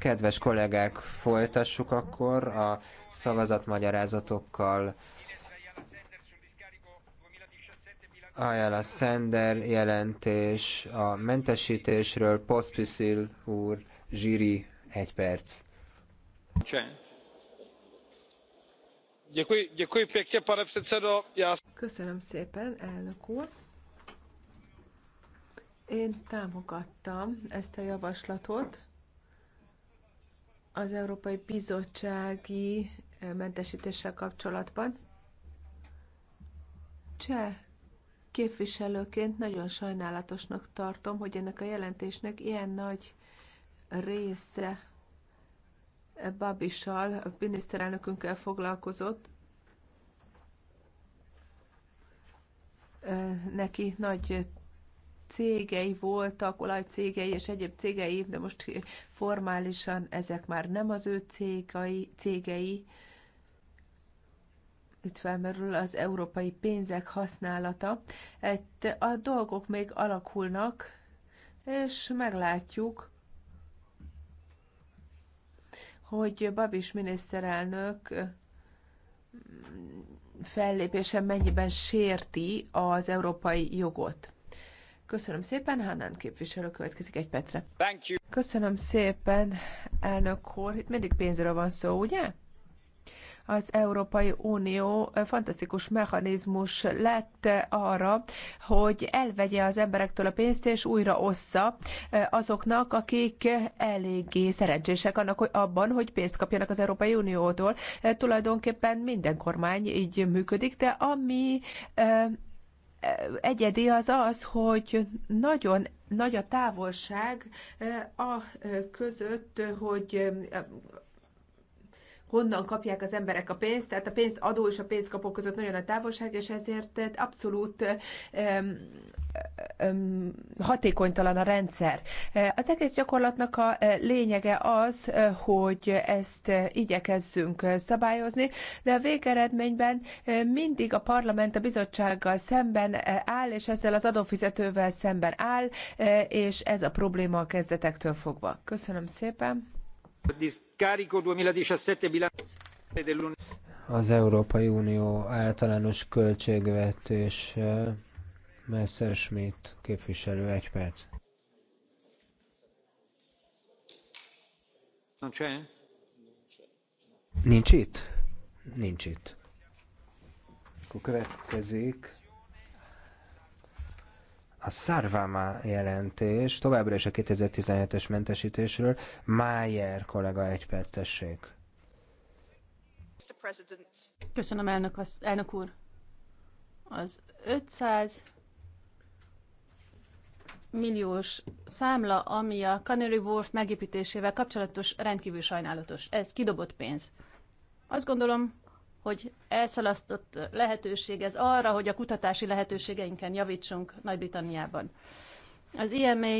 Kedves kollégák, folytassuk akkor a szavazatmagyarázatokkal. Ajala Sender jelentés a mentesítésről, Pospisil úr, zsíri, egy perc. Köszönöm szépen, elnök úr. Én támogattam ezt a javaslatot. Az Európai Bizottsági eh, mentesítéssel kapcsolatban. Cseh képviselőként nagyon sajnálatosnak tartom, hogy ennek a jelentésnek ilyen nagy része Babissal, a miniszterelnökünkkel foglalkozott. Eh, neki nagy cégei voltak, olajcégei és egyéb cégei, de most formálisan ezek már nem az ő cégai, cégei. Itt felmerül az európai pénzek használata. Ett, a dolgok még alakulnak, és meglátjuk, hogy Babis miniszterelnök fellépése mennyiben sérti az európai jogot. Köszönöm szépen, Hánán képviselő következik egy percre. Thank you. Köszönöm szépen, elnök úr. Itt mindig pénzről van szó, ugye? az Európai Unió fantasztikus mechanizmus lett arra, hogy elvegye az emberektől a pénzt, és újra ossza azoknak, akik eléggé szerencsések annak, hogy abban, hogy pénzt kapjanak az Európai Uniótól. Tulajdonképpen minden kormány így működik, de ami egyedi az az, hogy nagyon nagy a távolság eh, a eh, között, hogy eh, honnan kapják az emberek a pénzt, tehát a pénzt adó és a pénzt kapó között nagyon a távolság, és ezért eh, abszolút um, um, hatékonytalan a rendszer. Eh, az egész gyakorlatnak a lényege az, hogy ezt igyekezzünk szabályozni, de a végeredményben mindig a parlament a bizottsággal szemben áll, és ezzel az adófizetővel szemben áll, és ez a probléma a kezdetektől fogva. Köszönöm szépen! Az Európai Unió általános költségvetése Messerschmidt képviselő egy perc. Nincs itt? Nincs itt. Akkor következik a Szárváma jelentés, továbbra is a 2017-es mentesítésről, Májer kollega egy percesség. Köszönöm, elnök, az, elnök úr. Az 500 milliós számla, ami a Canary Wharf megépítésével kapcsolatos, rendkívül sajnálatos. Ez kidobott pénz. Azt gondolom, hogy elszalasztott lehetőség ez arra, hogy a kutatási lehetőségeinken javítsunk Nagy-Britanniában. Az IMA e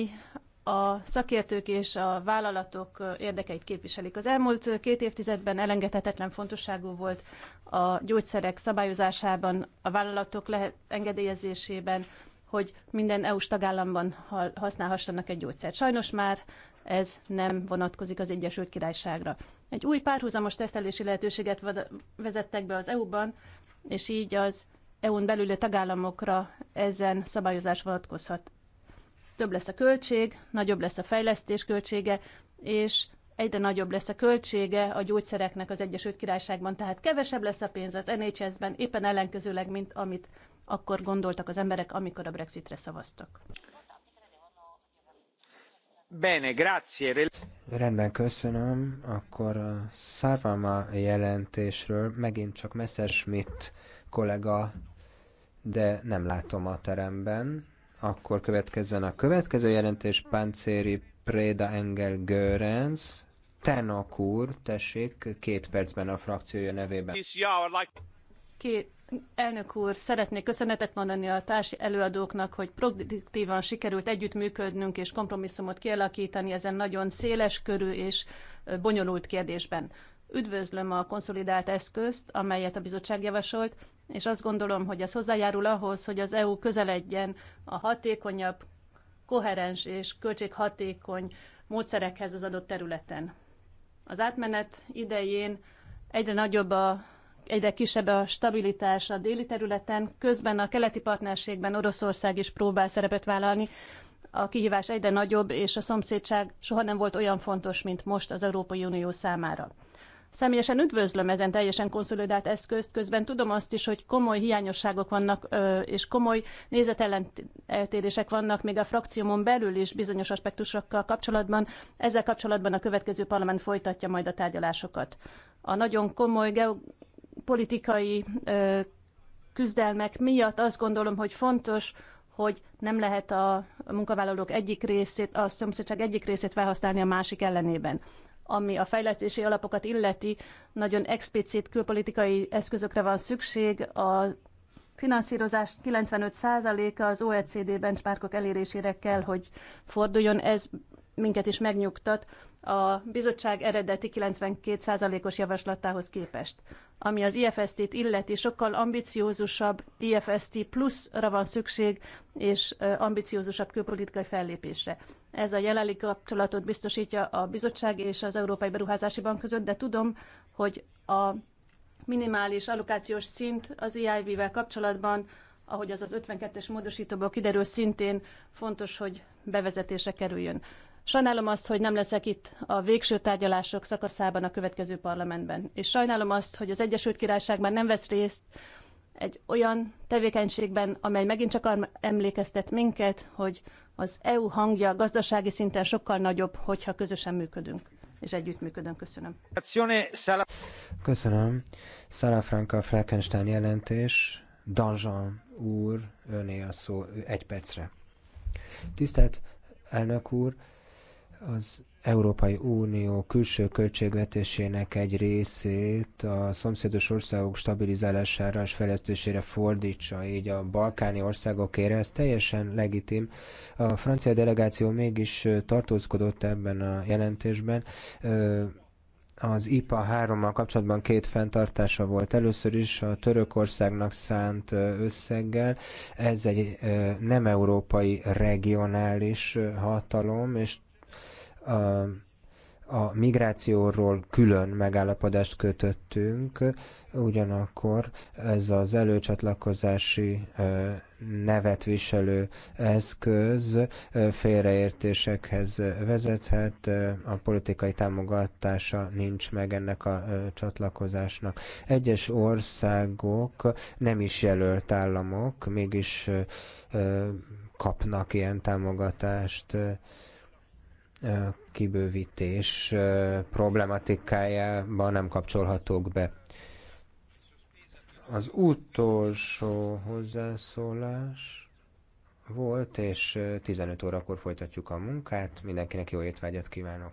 a szakértők és a vállalatok érdekeit képviselik. Az elmúlt két évtizedben elengedhetetlen fontosságú volt a gyógyszerek szabályozásában, a vállalatok lehet engedélyezésében, hogy minden EU-s tagállamban használhassanak egy gyógyszert. Sajnos már ez nem vonatkozik az Egyesült Királyságra. Egy új párhuzamos tesztelési lehetőséget vezettek be az EU-ban, és így az EU-n belüli tagállamokra ezen szabályozás vonatkozhat. Több lesz a költség, nagyobb lesz a fejlesztés költsége, és egyre nagyobb lesz a költsége a gyógyszereknek az Egyesült Királyságban, tehát kevesebb lesz a pénz az NHS-ben, éppen ellenkezőleg, mint amit akkor gondoltak az emberek, amikor a Brexitre szavaztak. Bene, grazie. Rendben, köszönöm. Akkor a szárvama jelentésről megint csak Messerschmidt kollega, de nem látom a teremben. Akkor következzen a következő jelentés, Páncéri Préda Engel Görenz. Tenok úr, tessék, két percben a frakciója nevében. Két Elnök úr, szeretnék köszönetet mondani a társ előadóknak, hogy produktívan sikerült együttműködnünk és kompromisszumot kialakítani ezen nagyon széles körű és bonyolult kérdésben. Üdvözlöm a konszolidált eszközt, amelyet a bizottság javasolt, és azt gondolom, hogy ez hozzájárul ahhoz, hogy az EU közeledjen a hatékonyabb, koherens és költséghatékony módszerekhez az adott területen. Az átmenet idején egyre nagyobb a egyre kisebb a stabilitás a déli területen, közben a keleti partnerségben Oroszország is próbál szerepet vállalni. A kihívás egyre nagyobb, és a szomszédság soha nem volt olyan fontos, mint most az Európai Unió számára. Személyesen üdvözlöm ezen teljesen konszolidált eszközt, közben tudom azt is, hogy komoly hiányosságok vannak, és komoly nézeteltérések vannak még a frakciómon belül is bizonyos aspektusokkal kapcsolatban. Ezzel kapcsolatban a következő parlament folytatja majd a tárgyalásokat. A nagyon komoly politikai küzdelmek miatt azt gondolom, hogy fontos, hogy nem lehet a munkavállalók egyik részét, a szomszédság egyik részét felhasználni a másik ellenében. Ami a fejlesztési alapokat illeti, nagyon explicit külpolitikai eszközökre van szükség. A finanszírozás 95%-a az OECD benchmarkok elérésére kell, hogy forduljon. Ez minket is megnyugtat, a bizottság eredeti 92%-os javaslatához képest. Ami az IFST-t illeti, sokkal ambiciózusabb IFST pluszra van szükség, és ambiciózusabb külpolitikai fellépésre. Ez a jelenlegi kapcsolatot biztosítja a bizottság és az Európai Beruházási Bank között, de tudom, hogy a minimális allokációs szint az EIV-vel kapcsolatban, ahogy az az 52-es módosítóból kiderül, szintén fontos, hogy bevezetése kerüljön. Sajnálom azt, hogy nem leszek itt a végső tárgyalások szakaszában a következő parlamentben. És sajnálom azt, hogy az Egyesült Királyság már nem vesz részt egy olyan tevékenységben, amely megint csak emlékeztet minket, hogy az EU hangja gazdasági szinten sokkal nagyobb, hogyha közösen működünk és együttműködünk. Köszönöm. Köszönöm. Franka Fleckenstein jelentés. Danjean úr, öné a szó egy percre. Tisztelt elnök úr, az Európai Unió külső költségvetésének egy részét a szomszédos országok stabilizálására és fejlesztésére fordítsa, így a balkáni országokére, ez teljesen legitim. A francia delegáció mégis tartózkodott ebben a jelentésben. Az IPA 3-mal kapcsolatban két fenntartása volt. Először is a Törökországnak szánt összeggel. Ez egy nem európai regionális hatalom, és a migrációról külön megállapodást kötöttünk, ugyanakkor ez az előcsatlakozási nevet viselő eszköz félreértésekhez vezethet, a politikai támogatása nincs meg ennek a csatlakozásnak. Egyes országok nem is jelölt államok, mégis kapnak ilyen támogatást kibővítés problematikájába nem kapcsolhatók be. Az utolsó hozzászólás volt, és 15 órakor folytatjuk a munkát. Mindenkinek jó étvágyat kívánok!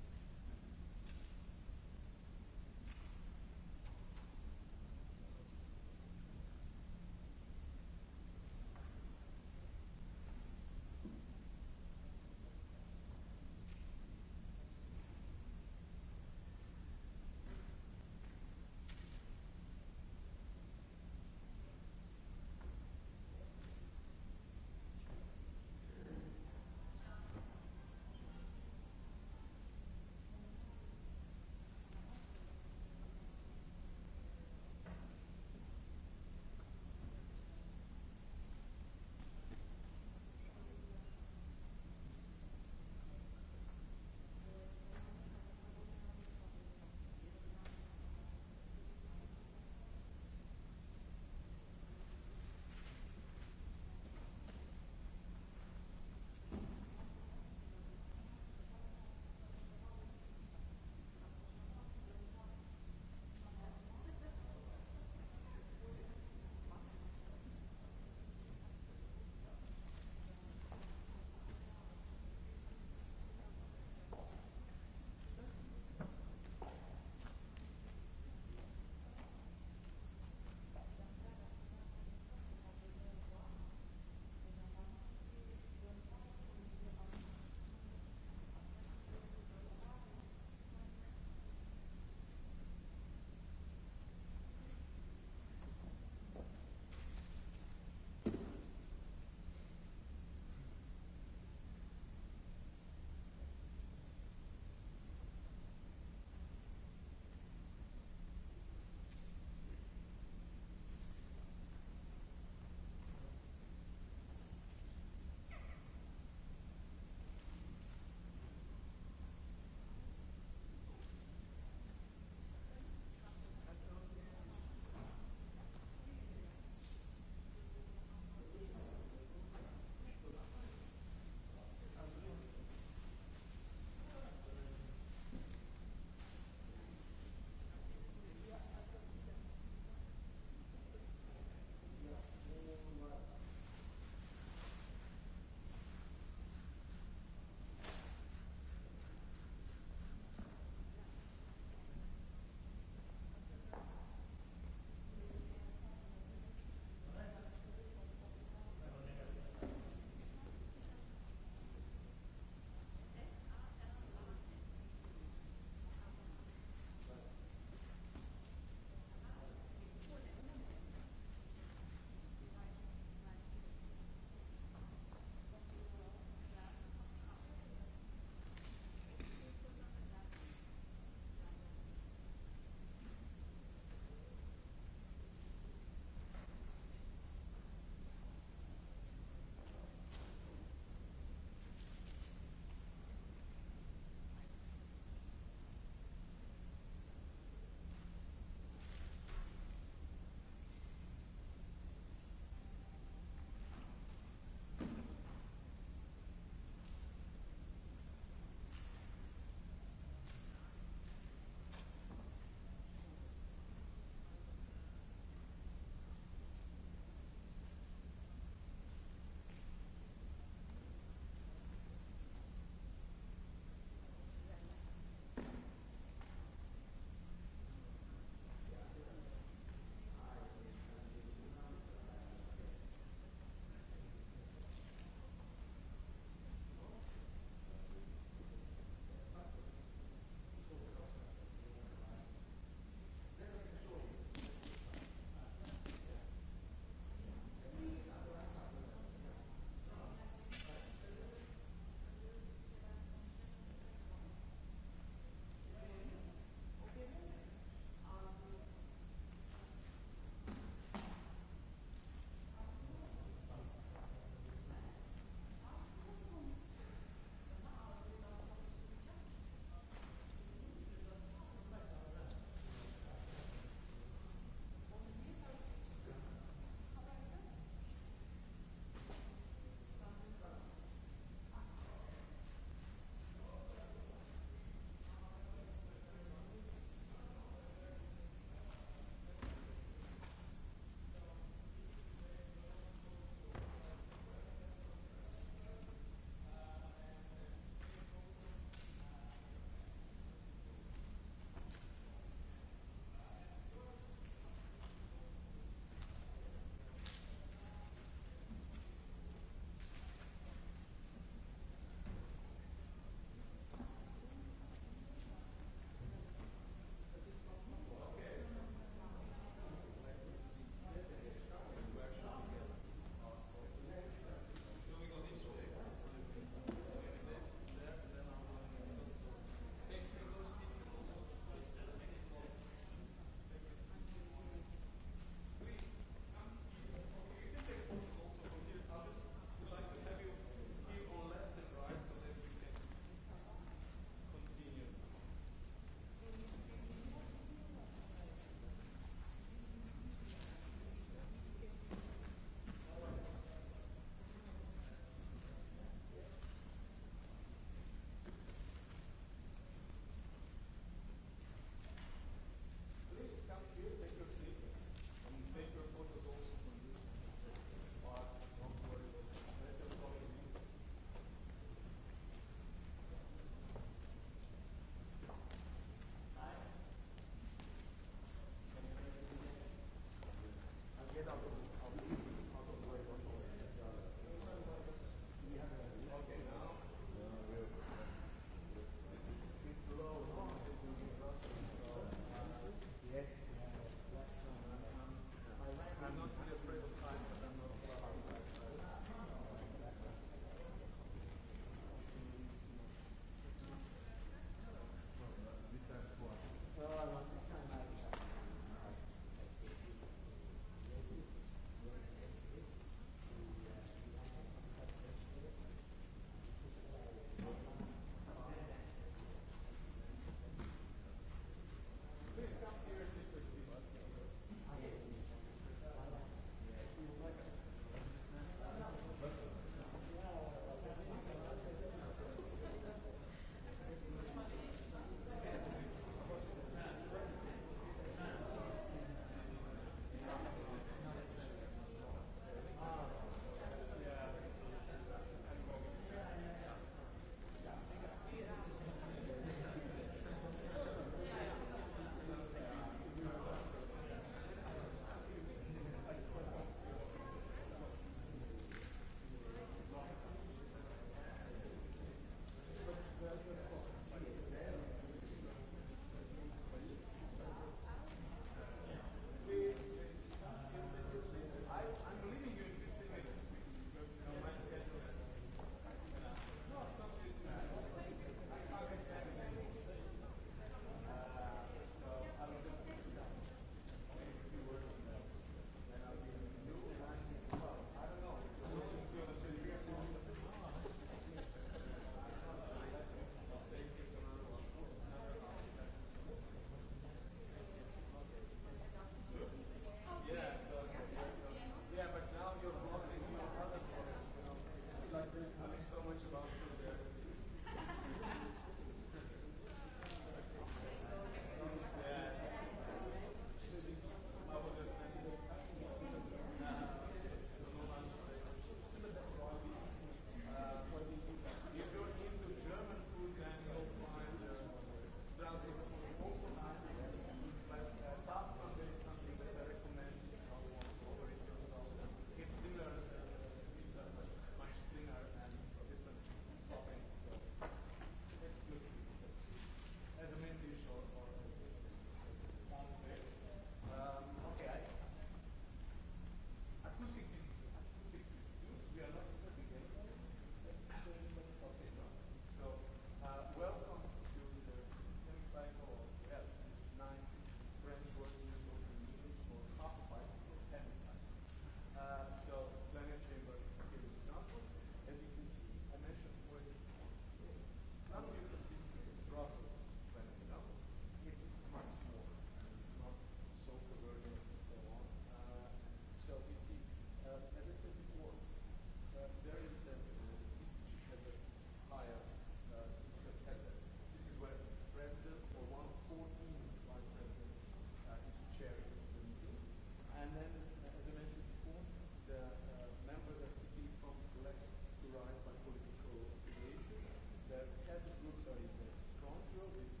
derived by political affiliation, that ethnic groups are in the front